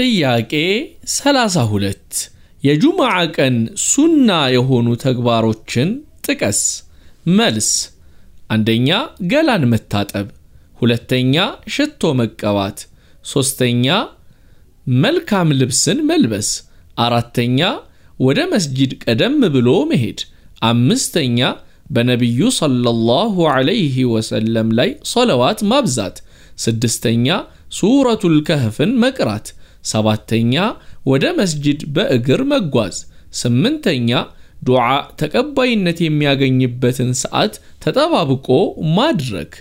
ጥያቄ 32 የጁምዓ ቀን ሱና የሆኑ ተግባሮችን ጥቀስ። መልስ፣ አንደኛ ገላን መታጠብ፣ ሁለተኛ ሽቶ መቀባት፣ ሶስተኛ መልካም ልብስን መልበስ፣ አራተኛ ወደ መስጂድ ቀደም ብሎ መሄድ፣ አምስተኛ በነቢዩ ሰለላሁ ዐለይሂ ወሰለም ላይ ሰለዋት ማብዛት፣ ስድስተኛ ሱረቱል ከህፍን መቅራት ሰባተኛ ወደ መስጅድ በእግር መጓዝ፣ ስምንተኛ ዱዓ ተቀባይነት የሚያገኝበትን ሰዓት ተጠባብቆ ማድረግ